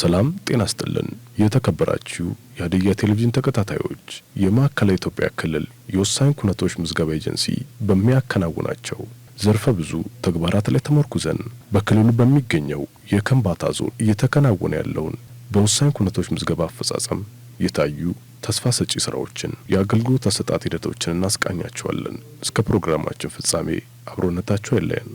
ሰላም ጤና ስጥልን። የተከበራችሁ የሀዲያ ቴሌቪዥን ተከታታዮች የማዕከላዊ ኢትዮጵያ ክልል የወሳኝ ኩነቶች ምዝገባ ኤጀንሲ በሚያከናውናቸው ዘርፈ ብዙ ተግባራት ላይ ተመርኩዘን በክልሉ በሚገኘው የከንባታ ዞን እየተከናወነ ያለውን በወሳኝ ኩነቶች ምዝገባ አፈጻጸም የታዩ ተስፋ ሰጪ ስራዎችን፣ የአገልግሎት አሰጣጥ ሂደቶችን እናስቃኛቸዋለን። እስከ ፕሮግራማችን ፍጻሜ አብሮነታቸው አይለየን።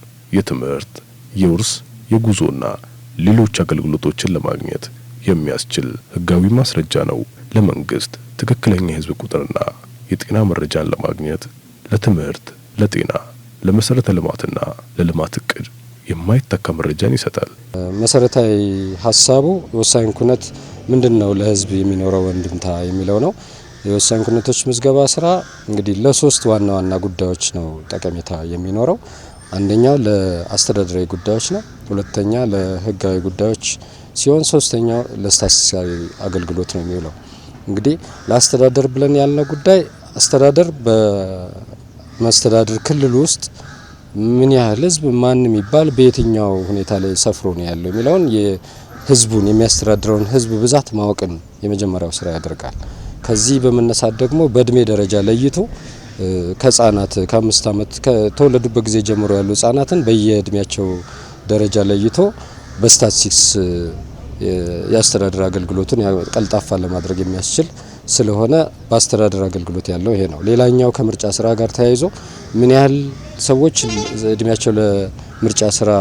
የትምህርት፣ የውርስ፣ የጉዞና ሌሎች አገልግሎቶችን ለማግኘት የሚያስችል ህጋዊ ማስረጃ ነው። ለመንግስት ትክክለኛ የህዝብ ቁጥርና የጤና መረጃን ለማግኘት ለትምህርት፣ ለጤና፣ ለመሰረተ ልማትና ለልማት እቅድ የማይተካ መረጃን ይሰጣል። መሰረታዊ ሀሳቡ የወሳኝ ኩነት ምንድን ነው ለህዝብ የሚኖረው ወንድምታ የሚለው ነው። የወሳኝ ኩነቶች ምዝገባ ስራ እንግዲህ ለሶስት ዋና ዋና ጉዳዮች ነው ጠቀሜታ የሚኖረው። አንደኛ ለአስተዳደራዊ ጉዳዮች ነው፣ ሁለተኛ ለህጋዊ ጉዳዮች ሲሆን፣ ሶስተኛው ለስታትስቲካዊ አገልግሎት ነው የሚውለው። እንግዲህ ለአስተዳደር ብለን ያልነው ጉዳይ አስተዳደር በመስተዳደር ክልል ውስጥ ምን ያህል ህዝብ ማን የሚባል በየትኛው ሁኔታ ላይ ሰፍሮ ነው ያለው የሚለውን የህዝቡን የሚያስተዳድረውን ህዝብ ብዛት ማወቅን የመጀመሪያው ስራ ያደርጋል። ከዚህ በመነሳት ደግሞ በእድሜ ደረጃ ለይቶ ከህጻናት ከአምስት ዓመት ከተወለዱበት ጊዜ ጀምሮ ያሉ ህጻናትን በየእድሜያቸው ደረጃ ለይቶ በስታቲስቲክስ የአስተዳደር አገልግሎትን ቀልጣፋ ለማድረግ የሚያስችል ስለሆነ በአስተዳደር አገልግሎት ያለው ይሄ ነው። ሌላኛው ከምርጫ ስራ ጋር ተያይዞ ምን ያህል ሰዎች እድሜያቸው ለምርጫ ስራ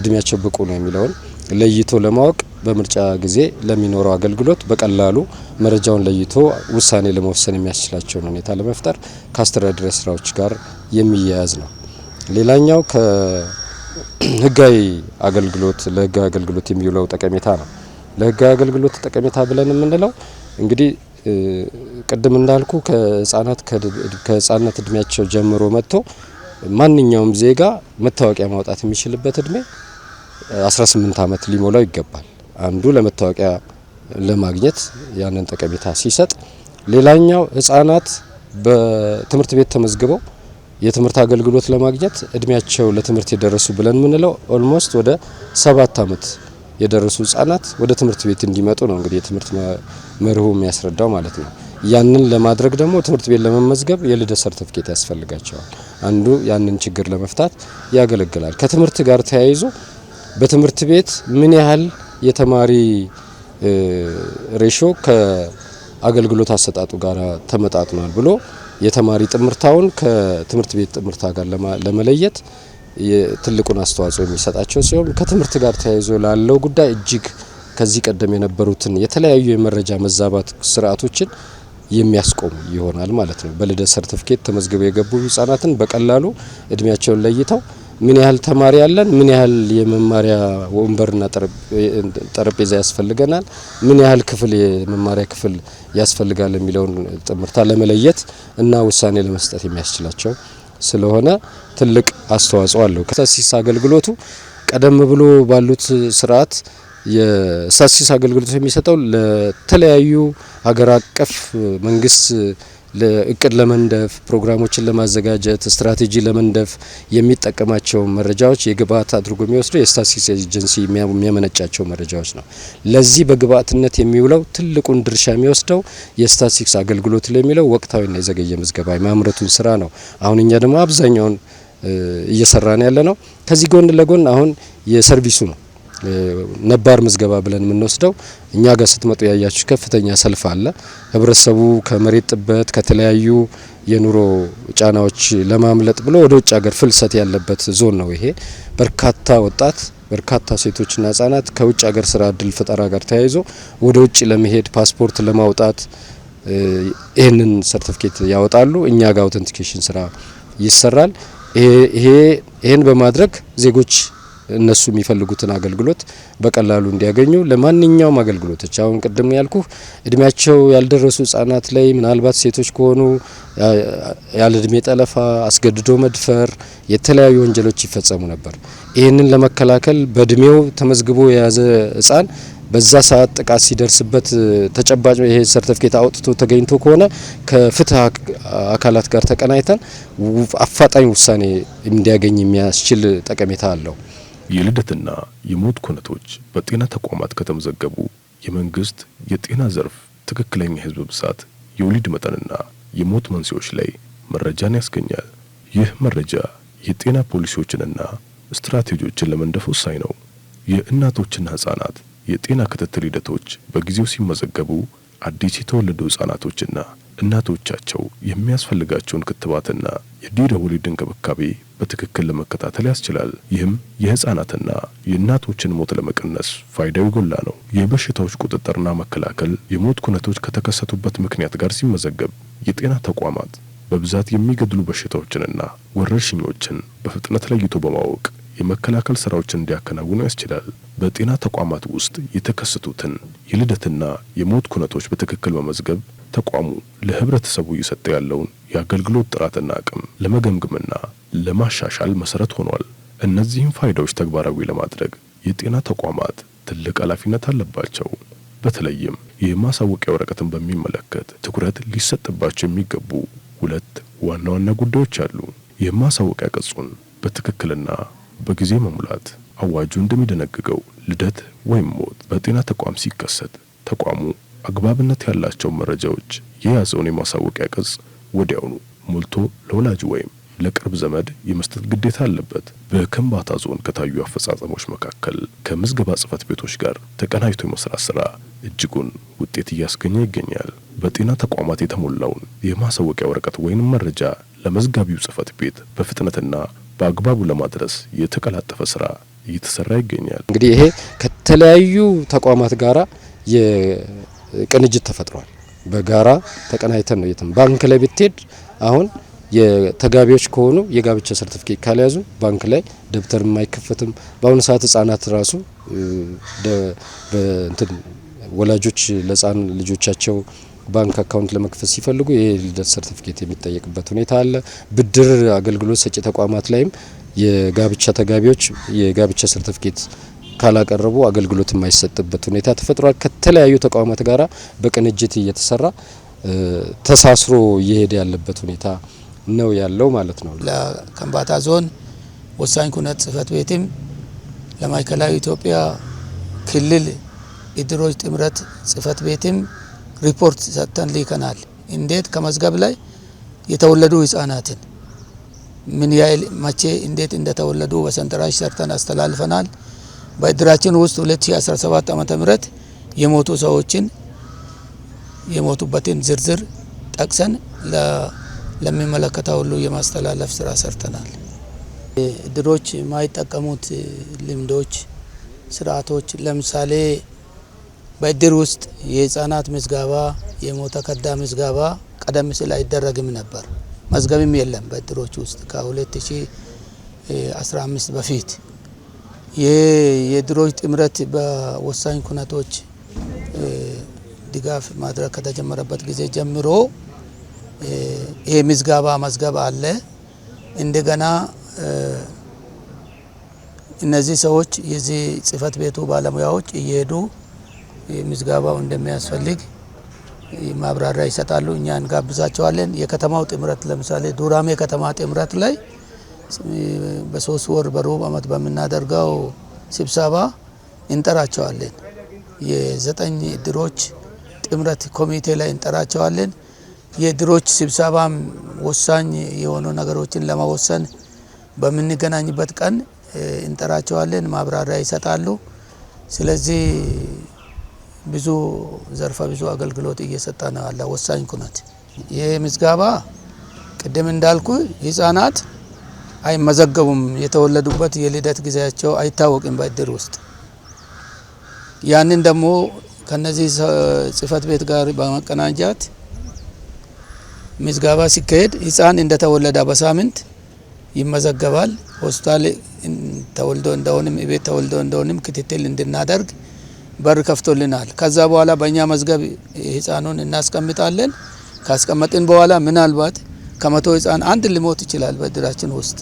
እድሜያቸው ብቁ ነው የሚለውን ለይቶ ለማወቅ በምርጫ ጊዜ ለሚኖረው አገልግሎት በቀላሉ መረጃውን ለይቶ ውሳኔ ለመወሰን የሚያስችላቸውን ሁኔታ ለመፍጠር ከአስተዳደር ስራዎች ጋር የሚያያዝ ነው። ሌላኛው ከህጋዊ አገልግሎት ለህጋዊ አገልግሎት የሚውለው ጠቀሜታ ነው። ለህጋዊ አገልግሎት ጠቀሜታ ብለን የምንለው እንግዲህ ቅድም እንዳልኩ ከህጻናት ከህጻናት እድሜያቸው ጀምሮ መጥቶ ማንኛውም ዜጋ መታወቂያ ማውጣት የሚችልበት እድሜ 18 ዓመት ሊሞላው ይገባል። አንዱ ለመታወቂያ ለማግኘት ያንን ጠቀሜታ ሲሰጥ፣ ሌላኛው ህጻናት በትምህርት ቤት ተመዝግበው የትምህርት አገልግሎት ለማግኘት እድሜያቸው ለትምህርት የደረሱ ብለን የምንለው ኦልሞስት ወደ ሰባት አመት የደረሱ ህጻናት ወደ ትምህርት ቤት እንዲመጡ ነው እንግዲህ የትምህርት መርሁ የሚያስረዳው ማለት ነው። ያንን ለማድረግ ደግሞ ትምህርት ቤት ለመመዝገብ የልደት ሰርቲፊኬት ያስፈልጋቸዋል። አንዱ ያንን ችግር ለመፍታት ያገለግላል። ከትምህርት ጋር ተያይዞ በትምህርት ቤት ምን ያህል የተማሪ ሬሾ ከአገልግሎት አሰጣጡ ጋር ተመጣጥኗል ብሎ የተማሪ ጥምርታውን ከትምህርት ቤት ጥምርታ ጋር ለመለየት ትልቁን አስተዋጽኦ የሚሰጣቸው ሲሆን ከትምህርት ጋር ተያይዞ ላለው ጉዳይ እጅግ ከዚህ ቀደም የነበሩትን የተለያዩ የመረጃ መዛባት ስርዓቶችን የሚያስቆም ይሆናል ማለት ነው። በልደት ሰርቲፊኬት ተመዝግበው የገቡ ህጻናትን በቀላሉ እድሜያቸውን ለይተው ምን ያህል ተማሪ አለን፣ ምን ያህል የመማሪያ ወንበርና ጠረጴዛ ያስፈልገናል፣ ምን ያህል ክፍል የመማሪያ ክፍል ያስፈልጋል የሚለውን ጥምርታ ለመለየት እና ውሳኔ ለመስጠት የሚያስችላቸው ስለሆነ ትልቅ አስተዋጽኦ አለው። ከሳሲስ አገልግሎቱ ቀደም ብሎ ባሉት ስርዓት የሳሲስ አገልግሎት የሚሰጠው ለተለያዩ ሀገር አቀፍ መንግስት እቅድ ለመንደፍ ፕሮግራሞችን ለማዘጋጀት ስትራቴጂ ለመንደፍ የሚጠቀማቸው መረጃዎች የግብአት አድርጎ የሚወስደው የስታትስቲክስ ኤጀንሲ የሚያመነጫቸው መረጃዎች ነው። ለዚህ በግብአትነት የሚውለው ትልቁን ድርሻ የሚወስደው የስታትስቲክስ አገልግሎት ለሚለው ወቅታዊና የዘገየ ምዝገባ የማምረቱን ስራ ነው። አሁን እኛ ደግሞ አብዛኛውን ነው ያለ ነው። ከዚህ ጎን ለጎን አሁን የሰርቪሱ ነው ነባር ምዝገባ ብለን የምንወስደው እኛ ጋር ስትመጡ ያያችሁ ከፍተኛ ሰልፍ አለ። ህብረተሰቡ ከመሬት ጥበት ከተለያዩ የኑሮ ጫናዎች ለማምለጥ ብሎ ወደ ውጭ ሀገር ፍልሰት ያለበት ዞን ነው ይሄ። በርካታ ወጣት በርካታ ሴቶችና ህጻናት ከውጭ ሀገር ስራ እድል ፈጠራ ጋር ተያይዞ ወደ ውጭ ለመሄድ ፓስፖርት ለማውጣት ይህንን ሰርቲፊኬት ያወጣሉ። እኛ ጋር አውተንቲኬሽን ስራ ይሰራል። ይሄን በማድረግ ዜጎች እነሱ የሚፈልጉትን አገልግሎት በቀላሉ እንዲያገኙ ለማንኛውም አገልግሎቶች አሁን ቅድም ያልኩ እድሜያቸው ያልደረሱ ህጻናት ላይ ምናልባት ሴቶች ከሆኑ ያለ እድሜ ጠለፋ፣ አስገድዶ መድፈር፣ የተለያዩ ወንጀሎች ይፈጸሙ ነበር። ይህንን ለመከላከል በእድሜው ተመዝግቦ የያዘ ህጻን በዛ ሰዓት ጥቃት ሲደርስበት ተጨባጭ ይሄ ሰርተፍኬት አውጥቶ ተገኝቶ ከሆነ ከፍትህ አካላት ጋር ተቀናይተን አፋጣኝ ውሳኔ እንዲያገኝ የሚያስችል ጠቀሜታ አለው። የልደትና የሞት ኩነቶች በጤና ተቋማት ከተመዘገቡ የመንግስት የጤና ዘርፍ ትክክለኛ የህዝብ ብዛት፣ የወሊድ መጠንና የሞት መንስኤዎች ላይ መረጃን ያስገኛል። ይህ መረጃ የጤና ፖሊሲዎችንና ስትራቴጂዎችን ለመንደፍ ወሳኝ ነው። የእናቶችና ህጻናት የጤና ክትትል ሂደቶች በጊዜው ሲመዘገቡ አዲስ የተወለዱ ህጻናቶችና እናቶቻቸው የሚያስፈልጋቸውን ክትባትና የድህረ ወሊድ እንክብካቤ በትክክል ለመከታተል ያስችላል። ይህም የህፃናትና የእናቶችን ሞት ለመቀነስ ፋይዳው የጎላ ነው። የበሽታዎች ቁጥጥርና መከላከል የሞት ኩነቶች ከተከሰቱበት ምክንያት ጋር ሲመዘገብ የጤና ተቋማት በብዛት የሚገድሉ በሽታዎችንና ወረርሽኞችን በፍጥነት ለይቶ በማወቅ የመከላከል ስራዎችን እንዲያከናውኑ ያስችላል። በጤና ተቋማት ውስጥ የተከሰቱትን የልደትና የሞት ኩነቶች በትክክል መመዝገብ ተቋሙ ለህብረተሰቡ እየሰጠ ያለውን የአገልግሎት ጥራትና አቅም ለመገምገምና ለማሻሻል መሰረት ሆኗል። እነዚህም ፋይዳዎች ተግባራዊ ለማድረግ የጤና ተቋማት ትልቅ ኃላፊነት አለባቸው። በተለይም የማሳወቂያ ወረቀትን በሚመለከት ትኩረት ሊሰጥባቸው የሚገቡ ሁለት ዋና ዋና ጉዳዮች አሉ። የማሳወቂያ ቅጹን በትክክልና በጊዜ መሙላት። አዋጁ እንደሚደነግገው ልደት ወይም ሞት በጤና ተቋም ሲከሰት ተቋሙ አግባብነት ያላቸው መረጃዎች የያዘውን የማሳወቂያ ቅጽ ወዲያውኑ ሞልቶ ለወላጅ ወይም ለቅርብ ዘመድ የመስጠት ግዴታ አለበት። በከምባታ ዞን ከታዩ አፈጻጸሞች መካከል ከምዝገባ ጽህፈት ቤቶች ጋር ተቀናጅቶ የመስራት ስራ እጅጉን ውጤት እያስገኘ ይገኛል። በጤና ተቋማት የተሞላውን የማሳወቂያ ወረቀት ወይንም መረጃ ለመዝጋቢው ጽህፈት ቤት በፍጥነትና በአግባቡ ለማድረስ የተቀላጠፈ ስራ እየተሰራ ይገኛል። እንግዲህ ይሄ ከተለያዩ ተቋማት ጋራ ቅንጅት ተፈጥሯል። በጋራ ተቀናይተን ነው የትም ባንክ ላይ ብትሄድ አሁን የተጋቢዎች ከሆኑ የጋብቻ ሰርቲፊኬት ካልያዙ ባንክ ላይ ደብተር የማይከፈትም። በአሁኑ ሰዓት ህጻናት ራሱ እንትን ወላጆች ለህጻን ልጆቻቸው ባንክ አካውንት ለመክፈት ሲፈልጉ የልደት ሰርቲፊኬት የሚጠየቅበት ሁኔታ አለ። ብድር አገልግሎት ሰጪ ተቋማት ላይም የጋብቻ ተጋቢዎች የጋብቻ ሰርቲፊኬት ካላቀረቡ አገልግሎት የማይሰጥበት ሁኔታ ተፈጥሯል። ከተለያዩ ተቋማት ጋራ በቅንጅት እየተሰራ ተሳስሮ እየሄደ ያለበት ሁኔታ ነው ያለው ማለት ነው። ለከምባታ ዞን ወሳኝ ኩነት ጽህፈት ቤትም ለማዕከላዊ ኢትዮጵያ ክልል እድሮች ጥምረት ጽህፈት ቤትም ሪፖርት ሰጥተን ልከናል። እንዴት ከመዝገብ ላይ የተወለዱ ህጻናትን ምን ያህል መቼ እንዴት እንደተወለዱ በሰንጠረዥ ሰርተን አስተላልፈናል። በእድራችን ውስጥ 2017 ዓመተ ምህረት የሞቱ ሰዎችን የሞቱበትን ዝርዝር ጠቅሰን ለሚመለከተው ሁሉ የማስተላለፍ ስራ ሰርተናል። እድሮች የማይጠቀሙት ልምዶች፣ ስርዓቶች ለምሳሌ በእድር ውስጥ የህፃናት ምዝጋባ የሞተ ከዳ ምዝጋባ ቀደም ሲል አይደረግም ነበር። መዝገብም የለም በእድሮች ውስጥ ከ2015 በፊት የድሮች ጥምረት በወሳኝ ኩነቶች ድጋፍ ማድረግ ከተጀመረበት ጊዜ ጀምሮ ይሄ ምዝገባ መዝገብ አለ። እንደገና እነዚህ ሰዎች የዚህ ጽህፈት ቤቱ ባለሙያዎች እየሄዱ ምዝገባው እንደሚያስፈልግ ማብራሪያ ይሰጣሉ። እኛ እንጋብዛቸዋለን። የከተማው ጥምረት ለምሳሌ ዱራሜ ከተማ ጥምረት ላይ በሶስት ወር በሩብ አመት በምናደርገው ስብሰባ እንጠራቸዋለን። የዘጠኝ እድሮች ጥምረት ኮሚቴ ላይ እንጠራቸዋለን። የእድሮች ስብሰባም ወሳኝ የሆኑ ነገሮችን ለመወሰን በምንገናኝበት ቀን እንጠራቸዋለን። ማብራሪያ ይሰጣሉ። ስለዚህ ብዙ ዘርፈ ብዙ አገልግሎት እየሰጠ ነው ያለ ወሳኝ ኩነት ይህ ምዝገባ ቅድም እንዳልኩ ህጻናት አይመዘገቡም። የተወለዱበት የልደት ጊዜያቸው አይታወቅም በእድር ውስጥ። ያንን ደግሞ ከነዚህ ጽህፈት ቤት ጋር በመቀናጃት ምዝገባ ሲካሄድ ህፃን እንደተወለደ በሳምንት ይመዘገባል። ሆስፒታል ተወልዶ እንደሆንም ቤት ተወልዶ እንደሆንም ክትትል እንድናደርግ በር ከፍቶልናል። ከዛ በኋላ በእኛ መዝገብ ህፃኑን እናስቀምጣለን። ካስቀመጥን በኋላ ምናልባት ከመቶ ህፃን አንድ ሊሞት ይችላል በድራችን ውስጥ።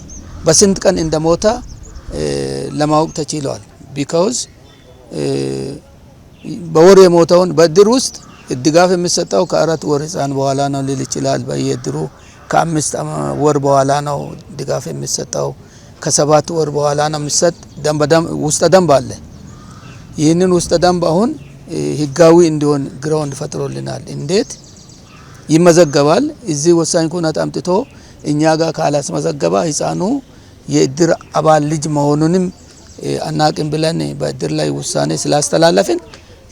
በስንት ቀን እንደ ሞታ ለማወቅ ተችሏል። ቢካውዝ በወር የሞተውን በእድር ውስጥ ድጋፍ የሚሰጠው ከአራት ወር ህፃን በኋላ ነው ሊል ይችላል። በየድሩ ከአምስት ወር በኋላ ነው ድጋፍ የሚሰጠው። ከሰባት ወር በኋላ ነው የሚሰጥ። ውስጠ ደንብ አለ። ይህንን ውስጠ ደንብ አሁን ህጋዊ እንዲሆን ግራውንድ ፈጥሮልናል። እንዴት ይመዘገባል። እዚህ ወሳኝ ኩነት አምጥቶ እኛ ጋር ካላስመዘገባ ህፃኑ የእድር አባል ልጅ መሆኑንም አናቅም ብለን በእድር ላይ ውሳኔ ስላስተላለፍን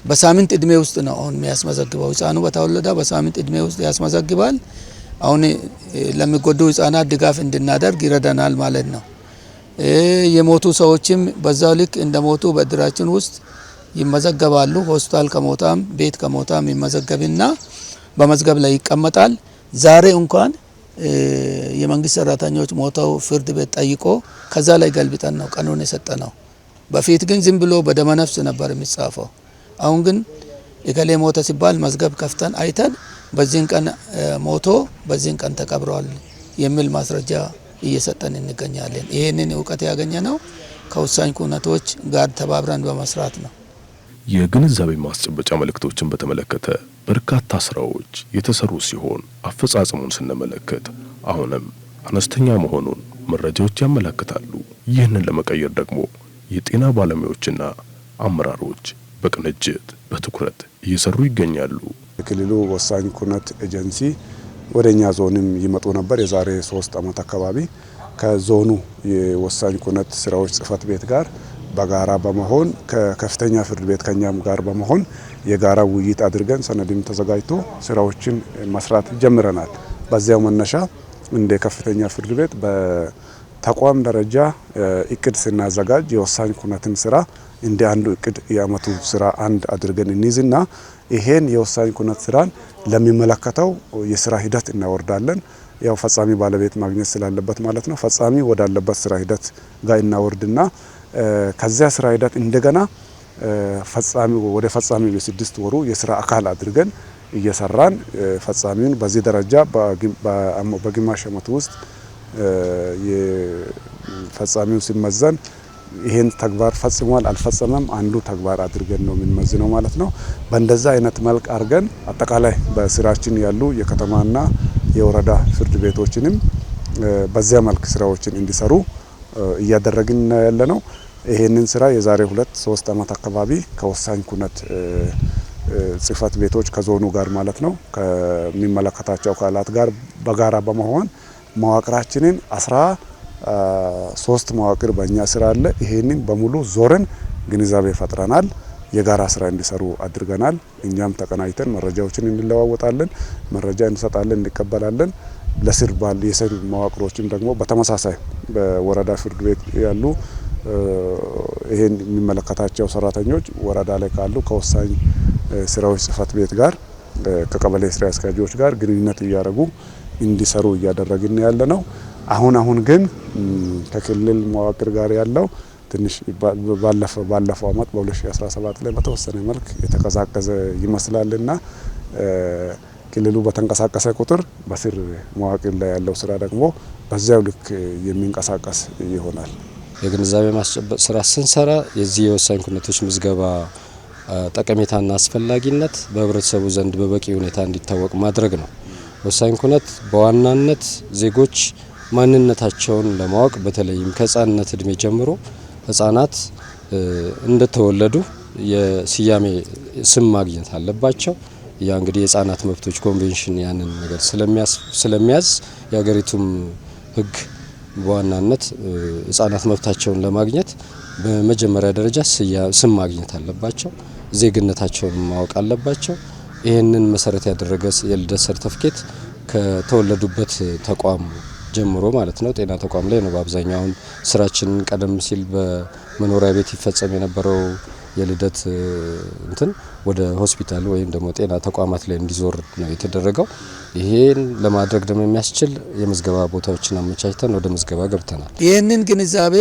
በሳምንት እድሜ ውስጥ ነው አሁን የሚያስመዘግበው። ህፃኑ በተወለደ በሳምንት እድሜ ውስጥ ያስመዘግባል። አሁን ለሚጎዱ ህፃናት ድጋፍ እንድናደርግ ይረዳናል ማለት ነው። የሞቱ ሰዎችም በዛው ልክ እንደ ሞቱ በእድራችን ውስጥ ይመዘገባሉ። ሆስፒታል ከሞታም ቤት ከሞታም ይመዘገብና በመዝገብ ላይ ይቀመጣል። ዛሬ እንኳን የመንግስት ሰራተኞች ሞተው ፍርድ ቤት ጠይቆ ከዛ ላይ ገልብጠን ነው ቀኑን የሰጠ ነው። በፊት ግን ዝም ብሎ በደመነፍስ ነበር የሚጻፈው። አሁን ግን የከሌ ሞተ ሲባል መዝገብ ከፍተን አይተን በዚህን ቀን ሞቶ በዚህን ቀን ተቀብረዋል የሚል ማስረጃ እየሰጠን እንገኛለን። ይህንን እውቀት ያገኘ ነው ከወሳኝ ኩነቶች ጋር ተባብረን በመስራት ነው። የግንዛቤ ማስጨበጫ መልእክቶችን በተመለከተ በርካታ ስራዎች የተሰሩ ሲሆን አፈጻጸሙን ስንመለከት አሁንም አነስተኛ መሆኑን መረጃዎች ያመለክታሉ። ይህንን ለመቀየር ደግሞ የጤና ባለሙያዎችና አመራሮች በቅንጅት በትኩረት እየሰሩ ይገኛሉ። የክልሉ ወሳኝ ኩነት ኤጀንሲ ወደ እኛ ዞንም ይመጡ ነበር። የዛሬ ሶስት ዓመት አካባቢ ከዞኑ የወሳኝ ኩነት ስራዎች ጽህፈት ቤት ጋር በጋራ በመሆን ከከፍተኛ ፍርድ ቤት ከኛም ጋር በመሆን የጋራ ውይይት አድርገን ሰነድም ተዘጋጅቶ ስራዎችን መስራት ጀምረናል። በዚያው መነሻ እንደ ከፍተኛ ፍርድ ቤት በተቋም ደረጃ እቅድ ስናዘጋጅ የወሳኝ ኩነትን ስራ እንደ አንዱ እቅድ የአመቱ ስራ አንድ አድርገን እንይዝና ይሄን የወሳኝ ኩነት ስራን ለሚመለከተው የስራ ሂደት እናወርዳለን። ያው ፈጻሚ ባለቤት ማግኘት ስላለበት ማለት ነው። ፈጻሚ ወዳለበት ስራ ሂደት ጋር እናወርድና ከዚያ ስራ ሂደት እንደገና ፈጻሚ ወደ ፈጻሚ የስድስት ወሩ የስራ አካል አድርገን እየሰራን ፈጻሚውን በዚህ ደረጃ በግማሽ ዓመት ውስጥ ፈጻሚው ሲመዘን ይሄን ተግባር ፈጽሟል አልፈጸመም አንዱ ተግባር አድርገን ነው የምንመዝነው ማለት ነው። በእንደዛ አይነት መልክ አድርገን አጠቃላይ በስራችን ያሉ የከተማና የወረዳ ፍርድ ቤቶችንም በዚያ መልክ ስራዎችን እንዲሰሩ እያደረግን ያለ ነው። ይሄንን ስራ የዛሬ ሁለት ሶስት አመት አካባቢ ከወሳኝ ኩነት ጽህፈት ቤቶች ከዞኑ ጋር ማለት ነው ከሚመለከታቸው አካላት ጋር በጋራ በመሆን መዋቅራችንን አስራ ሶስት መዋቅር በእኛ ስራ አለ። ይሄንን በሙሉ ዞረን ግንዛቤ ፈጥረናል። የጋራ ስራ እንዲሰሩ አድርገናል። እኛም ተቀናጅተን መረጃዎችን እንለዋወጣለን፣ መረጃ እንሰጣለን፣ እንቀበላለን። ለስር ባል የስር መዋቅሮችም ደግሞ በተመሳሳይ በወረዳ ፍርድ ቤት ያሉ ይሄን የሚመለከታቸው ሰራተኞች ወረዳ ላይ ካሉ ከወሳኝ ስራዎች ጽህፈት ቤት ጋር ከቀበሌ ስራ አስኪያጆች ጋር ግንኙነት እያደረጉ እንዲሰሩ እያደረግን ያለ ነው። አሁን አሁን ግን ከክልል መዋቅር ጋር ያለው ትንሽ ባለፈው አመት በ2017 ላይ በተወሰነ መልክ የተቀዛቀዘ ይመስላልና ክልሉ በተንቀሳቀሰ ቁጥር በስር መዋቅር ላይ ያለው ስራ ደግሞ በዚያው ልክ የሚንቀሳቀስ ይሆናል። የግንዛቤ ማስጨበጥ ስራ ስንሰራ የዚህ የወሳኝ ኩነቶች ምዝገባ ጠቀሜታና አስፈላጊነት በህብረተሰቡ ዘንድ በበቂ ሁኔታ እንዲታወቅ ማድረግ ነው። ወሳኝ ኩነት በዋናነት ዜጎች ማንነታቸውን ለማወቅ በተለይም ከህፃንነት እድሜ ጀምሮ ህጻናት እንደተወለዱ የስያሜ ስም ማግኘት አለባቸው። ያ እንግዲህ የህጻናት መብቶች ኮንቬንሽን ያንን ነገር ስለሚያዝ የሀገሪቱም ህግ በዋናነት ህጻናት መብታቸውን ለማግኘት በመጀመሪያ ደረጃ ስም ማግኘት አለባቸው። ዜግነታቸውን ማወቅ አለባቸው። ይህንን መሰረት ያደረገ የልደት ሰርተፍኬት ከተወለዱበት ተቋም ጀምሮ ማለት ነው ጤና ተቋም ላይ ነው በአብዛኛው አሁን ቀደም ሲል በመኖሪያ ቤት ይፈጸም የነበረው የልደት እንትን ወደ ሆስፒታል ወይም ደግሞ ጤና ተቋማት ላይ እንዲዞር ነው የተደረገው። ይሄን ለማድረግ ደግሞ የሚያስችል የምዝገባ ቦታዎችን አመቻችተን ወደ ምዝገባ ገብተናል። ይህንን ግንዛቤ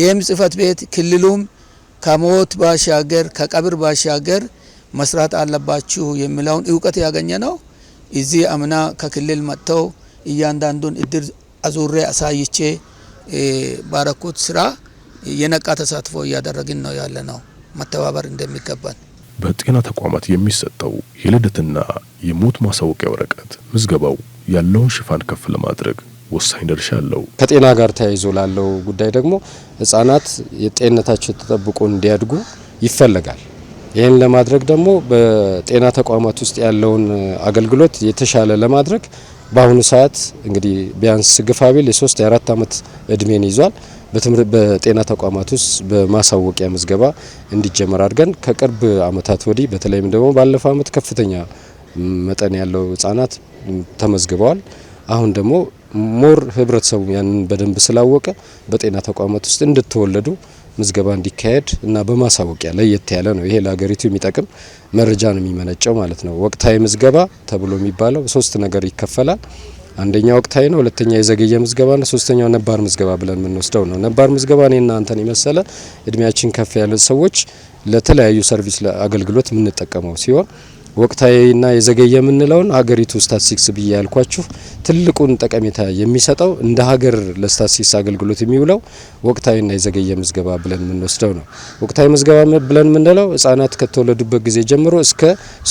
ይህም ጽህፈት ቤት ክልሉም ከሞት ባሻገር ከቀብር ባሻገር መስራት አለባችሁ የሚለውን እውቀት ያገኘ ነው። እዚህ አምና ከክልል መጥተው እያንዳንዱን እድር አዙሬ አሳይቼ ባረኩት ስራ የነቃ ተሳትፎ እያደረግን ነው ያለ ነው። መተባበር እንደሚገባን በጤና ተቋማት የሚሰጠው የልደትና የሞት ማሳወቂያ ወረቀት ምዝገባው ያለውን ሽፋን ከፍ ለማድረግ ወሳኝ ድርሻ አለው። ከጤና ጋር ተያይዞ ላለው ጉዳይ ደግሞ ህጻናት የጤንነታቸው ተጠብቆ እንዲያድጉ ይፈለጋል። ይህን ለማድረግ ደግሞ በጤና ተቋማት ውስጥ ያለውን አገልግሎት የተሻለ ለማድረግ በአሁኑ ሰዓት እንግዲህ ቢያንስ ግፋቢል የሶስት የአራት ዓመት እድሜን ይዟል። በጤና ተቋማት ውስጥ በማሳወቂያ ምዝገባ እንዲጀመር አድርገን ከቅርብ አመታት ወዲህ በተለይም ደግሞ ባለፈው ዓመት ከፍተኛ መጠን ያለው ህጻናት ተመዝግበዋል። አሁን ደግሞ ሞር ህብረተሰቡ ያንን በደንብ ስላወቀ በጤና ተቋማት ውስጥ እንድትወለዱ ምዝገባ እንዲካሄድ እና በማሳወቂያ ለየት ያለ ነው። ይሄ ለሀገሪቱ የሚጠቅም መረጃ ነው የሚመነጨው ማለት ነው። ወቅታዊ ምዝገባ ተብሎ የሚባለው ሶስት ነገር ይከፈላል። አንደኛ ወቅታዊ ነው፣ ሁለተኛ የዘገየ ምዝገባ ነው፣ ሶስተኛው ነባር ምዝገባ ብለን የምንወስደው ነው። ነባር ምዝገባ እኔ እናንተን የመሰለ እድሜያችን ከፍ ያለ ሰዎች ለተለያዩ ሰርቪስ አገልግሎት የምንጠቀመው ሲሆን ወቅታዊና የዘገየ የምንለውን ሀገሪቱ ስታትስቲክስ ብዬ ያልኳችሁ ትልቁን ጠቀሜታ የሚሰጠው እንደ ሀገር ለስታትስቲክስ አገልግሎት የሚውለው ወቅታዊና የዘገየ ምዝገባ ብለን የምንወስደው ነው። ወቅታዊ ምዝገባ ብለን የምንለው ህጻናት ከተወለዱበት ጊዜ ጀምሮ እስከ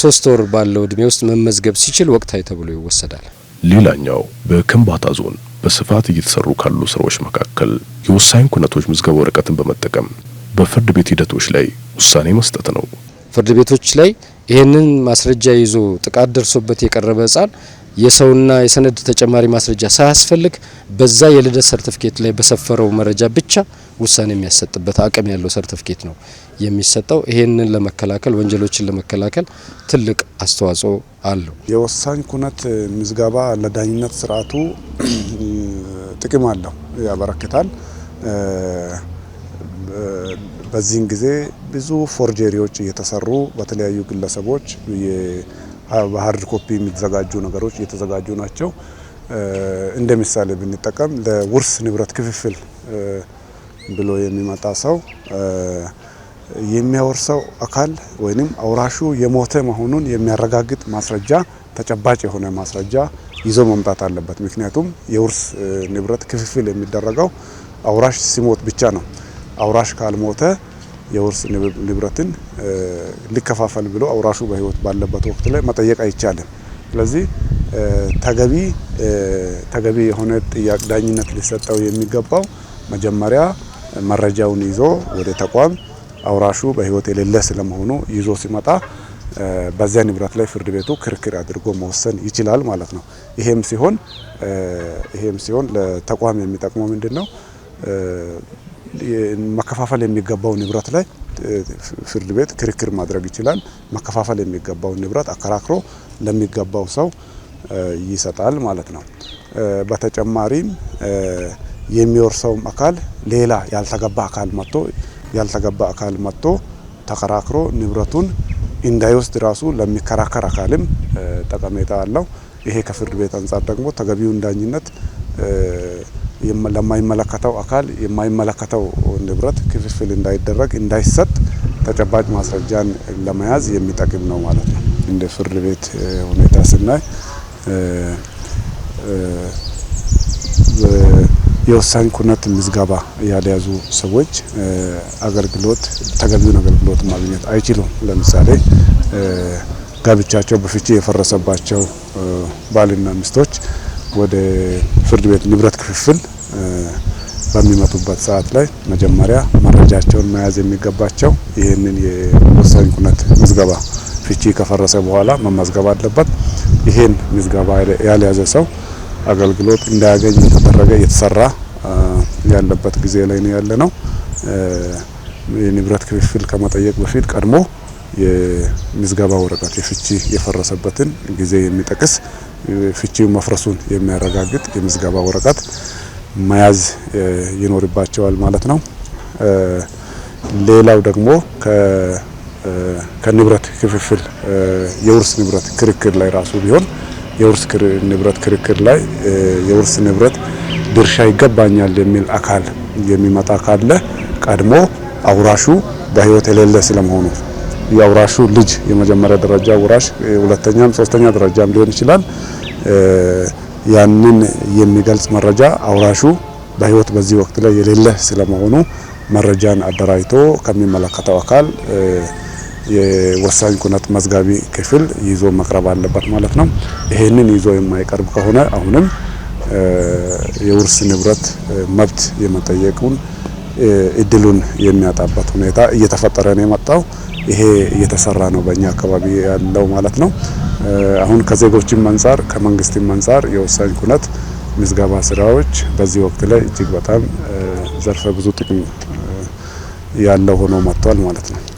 ሶስት ወር ባለው እድሜ ውስጥ መመዝገብ ሲችል ወቅታዊ ተብሎ ይወሰዳል። ሌላኛው በከምባታ ዞን በስፋት እየተሰሩ ካሉ ስራዎች መካከል የወሳኝ ኩነቶች ምዝገባ ወረቀትን በመጠቀም በፍርድ ቤት ሂደቶች ላይ ውሳኔ መስጠት ነው። ፍርድ ቤቶች ላይ ይህንን ማስረጃ ይዞ ጥቃት ደርሶበት የቀረበ ህጻን የሰውና የሰነድ ተጨማሪ ማስረጃ ሳያስፈልግ በዛ የልደት ሰርቲፊኬት ላይ በሰፈረው መረጃ ብቻ ውሳኔ የሚያሰጥበት አቅም ያለው ሰርቲፊኬት ነው የሚሰጠው። ይህንን ለመከላከል ወንጀሎችን ለመከላከል ትልቅ አስተዋጽኦ አለው። የወሳኝ ኩነት ምዝገባ ለዳኝነት ስርዓቱ ጥቅም አለው ያበረክታል። በዚህን ጊዜ ብዙ ፎርጀሪዎች እየተሰሩ በተለያዩ ግለሰቦች በሀርድ ኮፒ የሚዘጋጁ ነገሮች እየተዘጋጁ ናቸው። እንደ ምሳሌ ብንጠቀም ለውርስ ንብረት ክፍፍል ብሎ የሚመጣ ሰው የሚያወርሰው አካል ወይም አውራሹ የሞተ መሆኑን የሚያረጋግጥ ማስረጃ፣ ተጨባጭ የሆነ ማስረጃ ይዞ መምጣት አለበት። ምክንያቱም የውርስ ንብረት ክፍፍል የሚደረገው አውራሽ ሲሞት ብቻ ነው። አውራሽ ካልሞተ የውርስ ንብረትን ሊከፋፈል ብሎ አውራሹ በህይወት ባለበት ወቅት ላይ መጠየቅ አይቻልም። ስለዚህ ተገቢ ተገቢ የሆነ ጥያቄ ዳኝነት ሊሰጠው የሚገባው መጀመሪያ መረጃውን ይዞ ወደ ተቋም አውራሹ በህይወት የሌለ ስለመሆኑ ይዞ ሲመጣ በዚያ ንብረት ላይ ፍርድ ቤቱ ክርክር አድርጎ መወሰን ይችላል ማለት ነው። ይሄም ሲሆን ይሄም ሲሆን ለተቋም የሚጠቅመው ምንድን ነው? መከፋፈል የሚገባው ንብረት ላይ ፍርድ ቤት ክርክር ማድረግ ይችላል። መከፋፈል የሚገባው ንብረት አከራክሮ ለሚገባው ሰው ይሰጣል ማለት ነው። በተጨማሪም የሚወርሰውም አካል ሌላ ያልተገባ አካል መጥቶ ያልተገባ አካል መጥቶ ተከራክሮ ንብረቱን እንዳይወስድ ራሱ ለሚከራከር አካልም ጠቀሜታ አለው። ይሄ ከፍርድ ቤት አንጻር ደግሞ ተገቢውን ዳኝነት ለማይመለከተው አካል የማይመለከተው ንብረት ክፍፍል እንዳይደረግ እንዳይሰጥ ተጨባጭ ማስረጃን ለመያዝ የሚጠቅም ነው ማለት ነው። እንደ ፍርድ ቤት ሁኔታ ስናይ የወሳኝ ኩነት ምዝገባ ያልያዙ ሰዎች አገልግሎት ተገቢውን አገልግሎት ማግኘት አይችሉም። ለምሳሌ ጋብቻቸው በፍቺ የፈረሰባቸው ባልና ሚስቶች ወደ ፍርድ ቤት ንብረት ክፍፍል በሚመጡበት ሰዓት ላይ መጀመሪያ መረጃቸውን መያዝ የሚገባቸው ይህንን የወሳኝ ኩነት ምዝገባ ፍቺ ከፈረሰ በኋላ መመዝገብ አለበት። ይህን ምዝገባ ያልያዘ ሰው አገልግሎት እንዳያገኝ የተደረገ እየተሰራ ያለበት ጊዜ ላይ ነው ያለ ነው። የንብረት ክፍፍል ከመጠየቅ በፊት ቀድሞ የምዝገባ ወረቀት የፍቺ የፈረሰበትን ጊዜ የሚጠቅስ ፍቺው መፍረሱን የሚያረጋግጥ የምዝገባ ወረቀት መያዝ ይኖርባቸዋል ማለት ነው። ሌላው ደግሞ ከንብረት ክፍፍል የውርስ ንብረት ክርክር ላይ ራሱ ቢሆን የውርስ ንብረት ክርክር ላይ የውርስ ንብረት ድርሻ ይገባኛል የሚል አካል የሚመጣ ካለ ቀድሞ አውራሹ በህይወት የሌለ ስለመሆኑ የአውራሹ ልጅ የመጀመሪያ ደረጃ ወራሽ፣ ሁለተኛም ሶስተኛ ደረጃም ሊሆን ይችላል። ያንን የሚገልጽ መረጃ አውራሹ በህይወት በዚህ ወቅት ላይ የሌለ ስለመሆኑ መረጃን አደራጅቶ ከሚመለከተው አካል የወሳኝ ኩነት መዝጋቢ ክፍል ይዞ መቅረብ አለበት ማለት ነው። ይሄንን ይዞ የማይቀርብ ከሆነ አሁንም የውርስ ንብረት መብት የመጠየቁን እድሉን የሚያጣበት ሁኔታ እየተፈጠረ ነው የመጣው። ይሄ እየተሰራ ነው በእኛ አካባቢ ያለው ማለት ነው። አሁን ከዜጎችም አንጻር ከመንግስትም አንጻር የወሳኝ ኩነት ምዝገባ ስራዎች በዚህ ወቅት ላይ እጅግ በጣም ዘርፈ ብዙ ጥቅም ያለው ሆኖ መጥቷል ማለት ነው።